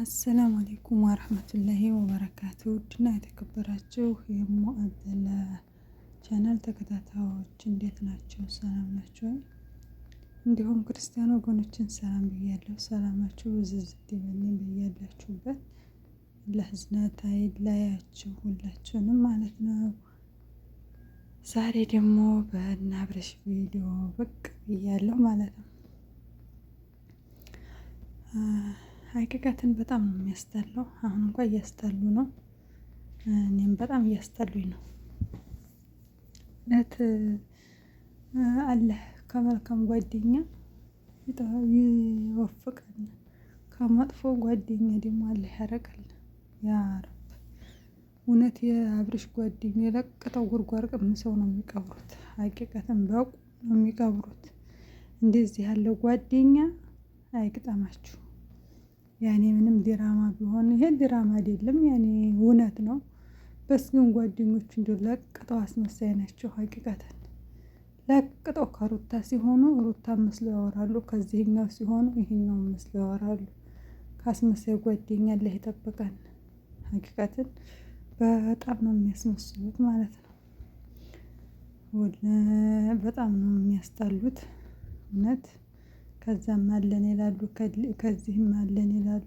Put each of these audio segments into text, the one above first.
አሰላሙ አሌይኩም ወረህመቱላሂ ወበረካቱ ውድና የተከበራችሁ የሙአዘለ ቻናል ተከታታዮች እንዴት ናቸው? ሰላም ናቸው። እንዲሁም ክርስቲያን ወገኖችን ሰላም ብያለሁ። ሰላማችሁ ብዝዝት ይበልኝ ብያላችሁበት ለህዝነት አይለያችሁ ሁላችሁንም ማለት ነው። ዛሬ ደግሞ በእነ ቪዲዮ ብቅ ብያለሁ ማለት ነው። ሀቂቀትን በጣም ነው የሚያስጠላው። አሁን እንኳ እያስጠሉ ነው። እኔም በጣም እያስጠሉኝ ነው። ለት አላህ ከመልካም ጓደኛ ይወፍቀን፣ ከመጥፎ ጓደኛ ደግሞ አለ ያረቀል። ያረብ እውነት የአብርሽ ጓደኛ የለቅጠው ጉርጓር ሰው ነው የሚቀብሩት። ሀቂቀትን በቁ ነው የሚቀብሩት። እንደዚህ ያለው ጓደኛ አይቅጠማችሁ። ያኔ ምንም ዲራማ ቢሆን ይሄ ዲራማ አይደለም፣ ያኔ እውነት ነው። በስ ግን ጓደኞች እንዲሁ ለቅጠው አስመሳይ ናቸው። ሀቂቀተን ለቅጠው ከሩታ ሲሆኑ ሩታ መስሎ ያወራሉ፣ ከዚህኛው ሲሆኑ ይህኛው መስሎ ያወራሉ። ከአስመሳይ ጓደኛ አላህ ይጠብቀን። ሀቂቃትን በጣም ነው የሚያስመስሉት ማለት ነው። በጣም ነው የሚያስጠሉት እውነት ከዛም አለን ይላሉ፣ ከዚህም አለን ይላሉ።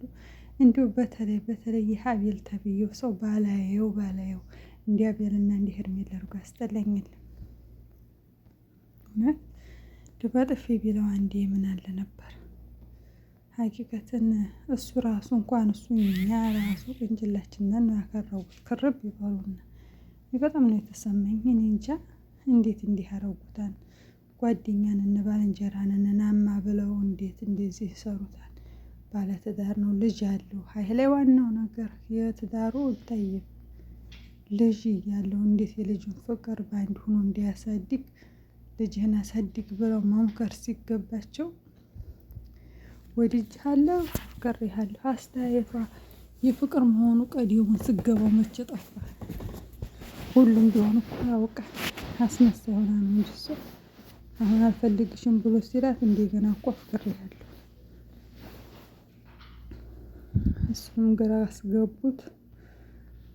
እንዲሁ በተለይ በተለይ የሀቤል ተብዬው ሰው ባላየው ባላየው እንዲ ሀቤልና እንዲ ሄርሜላ አድርጎ አስጠላኝ። የለም ቢለው አንዴ ምን አለ ነበር። ሀቂቀትን እሱ ራሱ እንኳን እሱ እኛ ራሱ ቅንጅላችንን ያከረቡት ክርብ ይበሉና በጣም ነው የተሰማኝ። እኔ እንጃ እንዴት እንዲህ አረጉታል። ጓደኛን እነ ባልንጀራን እናማ ብለው እንዴት እንደዚህ ይሰሩታል? ባለትዳር ነው ልጅ አለው። ሀይ ላይ ዋናው ነገር የትዳሩ ይታይም ልጅ እያለው እንዴት የልጁን ፍቅር በአንድ ሆኖ እንዲያሳድግ ልጅህን አሳድግ ብለው መምከር ሲገባቸው ወድጃለሁ አፍቅሬሃለሁ አስተያየቷ የፍቅር መሆኑ ቀዲሙን ስገባው መቼ ጠፋ? ሁሉም ቢሆን እኮ ያውቃል። አስመሳይ ሆና ነው እንጂ እሱ አሁን አልፈልግሽም ብሎ ሲላት እንደገና እኮ አፍቅሬያለሁ እሱም ግራ አስገቡት።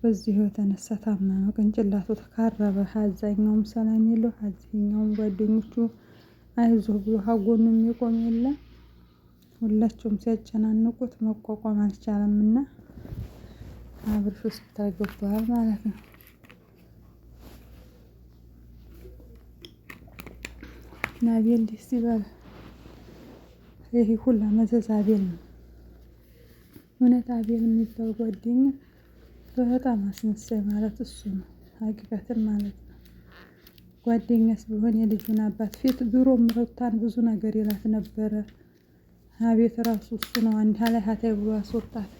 በዚህ የተነሳ ታመመ፣ ቅንጭላቱ ተካረበ። አዛኛውም ሰላም የለው። አዛኛውም ጓደኞቹ አይዞህ ብሎ ሀጎኑ የሚቆም የለ። ሁላቸውም ሲያጨናንቁት መቋቋም አልቻለም እና አብርሽ ሆስፒታል ገብተዋል ማለት ነው። ግን አቤል ደስ ይላል። ይሄ ሁላ መዘዝ አቤል ነው። እውነት አቤል የሚባል ጓደኛ በጣም አስመሳይ ማለት እሱ ነው። ሀቂቀትን ማለት ነው። ጓደኛስ ቢሆን የልጁን አባት ፊት ድሮ ምረታን ብዙ ነገር ይላት ነበረ። አቤት ራሱ እሱ ነው አንድ ላይ ሀታይ ብሎ አስወጣት።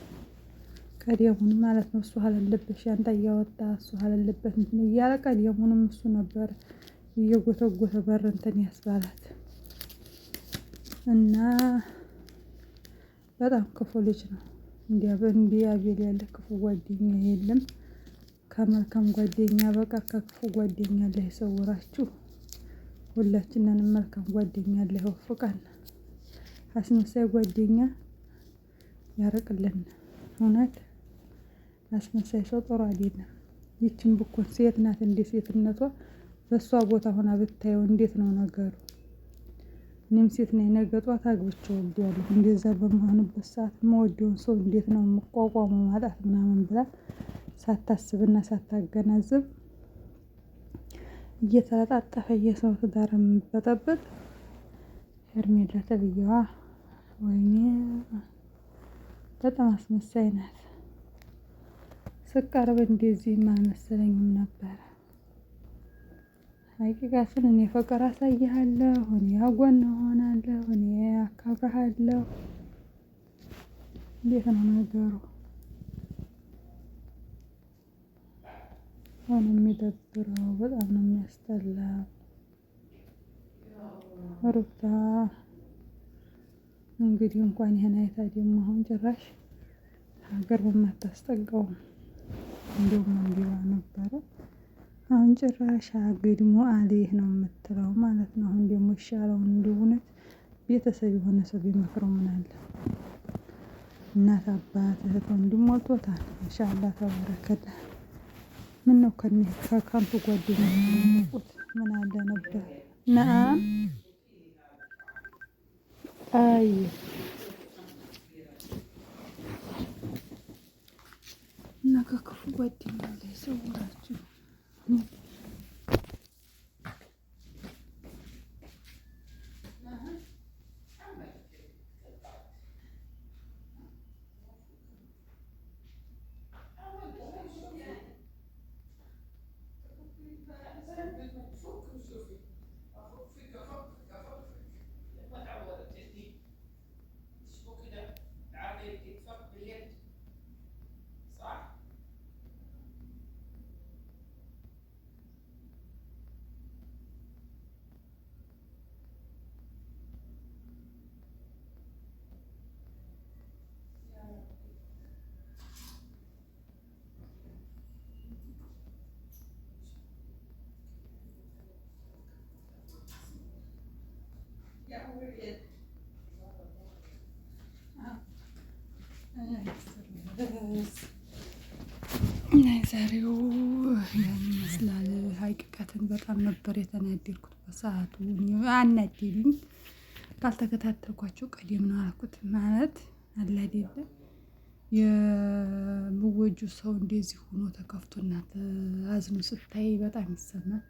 ቀደሙን ማለት ነው እሱ ሀለልበት ሻንጣ እያወጣ እሱ ሀለልበት እንትን እያለ ቀደሙንም እሱ ነበረ። እየጎተጎተ በር እንትን ያስባላት እና በጣም ክፉ ልጅ ነው። እንዲያ እንዲ አቤል ያለ ክፉ ጓደኛ የለም። ከመልካም ጓደኛ በቃ ከክፉ ጓደኛ ላይ ሰውራችሁ ሁላችንንም መልካም ጓደኛ ላይ ይወፍቃል። አስመሳይ ጓደኛ ያርቅልን። እውነት አስመሳይ ሰው ጥሩ አይደለም። ይችን ብኮን ሴት ናት እንደ ሴትነቷ በእሷ ቦታ ሆና ብታየው እንዴት ነው ነገሩ? እኔም ሴት ነኝ። ነገ ጧት አግብቼ ወልዳለሁ። እንደዛ በመሆንበት ሰዓት መወደውን ሰው እንዴት ነው የምቋቋመው ማጣት ምናምን ብላ ሳታስብና ሳታገናዝብ እየተለጣጠፈ የሰው ትዳር የምበጠበጥ ሄርሜላ ተብዬዋ ወይኔ በጣም አስመሳይ ናት። ስቀርብ እንደዚህ አልመሰለኝም ነበረ። ሀቂቃትን እኔ ፍቅር አሳይሃለሁ እኔ አጎን እሆናለሁ እኔ አካብርሃለሁ። እንዴት ነው ነገሩ? ሆነ የሚደብረው በጣም ነው የሚያስጠላ። ሩታ እንግዲህ እንኳን ይህን አይታ ደግሞ አሁን ጭራሽ ሀገር በማታስጠጋውም እንደውም እንዲዋ ነበረ አሁን ጭራሽ አግድሞ አሌህ ነው የምትለው ማለት ነው። አሁን ደግሞ ይሻለውን እንደ እውነት ቤተሰብ የሆነ ሰው ቢመክረው ምን አለ? እናት አባት እህት ወንድም ሞልቶታል። ማሻአላ ተባረከለ። ምን ነው ከኔ ከካምፕ ጓደኛ ቁት ምን አለ ነበር ና አይ እና ከክፉ ጓደኛ ላይ ሰውራችሁ Mm-hmm. የዛሬው ያን ይመስላል። ሀቂቃትን በጣም ነበር የተናደድኩት በሰዓቱ። አናደዱኝ ካልተከታተልኳቸው ቀደም ነው አልኩት ማለት አላደለ የምወጁ ሰው እንደዚህ ሆኖ ተከፍቶና አዝኖ ስታይ በጣም ይሰማል።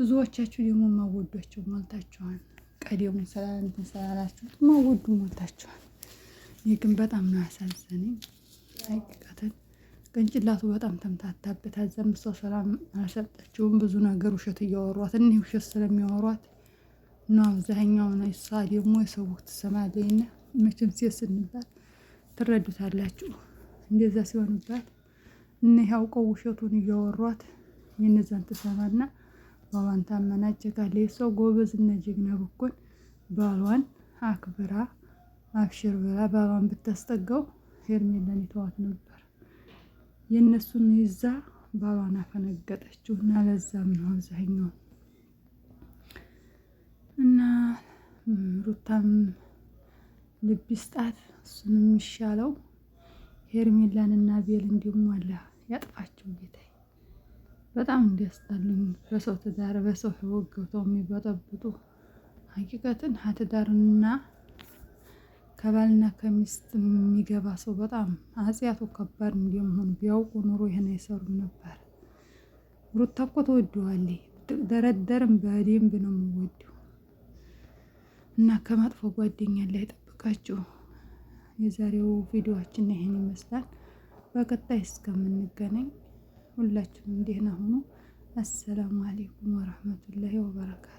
ብዙዎቻችሁ ደግሞ ማወዷቸው ሞልታችኋል። ቀደሙ ስላንትን ስላላችሁት ማወዱ ሞልታችኋል። ይህ ግን በጣም ነው ያሳዘነኝ ሀቂቃትን ቅንጭላቱ በጣም ተምታታበት። አዘም ሰው ሰላም አልሰጠችውም። ብዙ ነገር ውሸት እያወሯት እኒህ ውሸት ስለሚያወሯት እና አብዛኛው ሳ ደግሞ የሰዎች ትሰማለኝና መቼም ሴት ስንባል ትረዱታላችሁ። እንደዛ ሲሆንባት እነ ያውቀው ውሸቱን እያወሯት የነዛን ትሰማና ባሏን ታመናጨቃለች። የሰው ጎበዝ እና ጀግና ብኮን ባሏን አክብራ አብሽር ብላ ባሏን ብታስጠጋው ሄርሜላን የተዋት ነበር። የእነሱን ይዛ ባሏን አፈነገጠችው እና ለዛም ነው አብዛኛው እና ሩታም ልብ ይስጣት። እሱንም የሚሻለው ሄርሜላን እና ቤል እንዲሁም አለ ያጥፋቸው ጌታ በጣም እንዲያስጠሉኝ በሰው ትዳር በሰው ህይወት ገብተው የሚበጠብጡ ሀቂቀትን ሀትዳርና ከባልና ከሚስት የሚገባ ሰው በጣም አጽያቱ ከባድ እንደመሆኑ ቢያውቁ ኑሮ ይህን አይሰሩም ነበር። ሩታ እኮ ተወደዋለች ብትደረደርም በደንብ ነው የምወደው እና ከመጥፎ ጓደኛ ላይ የዛሬው ቪዲዮችን ይህን ይመስላል። በቀጣይ እስከምንገናኝ ሁላችሁም ደህና ሁኑ። አሰላሙ አሌይኩም ወረህመቱላሂ ወበረካቱ።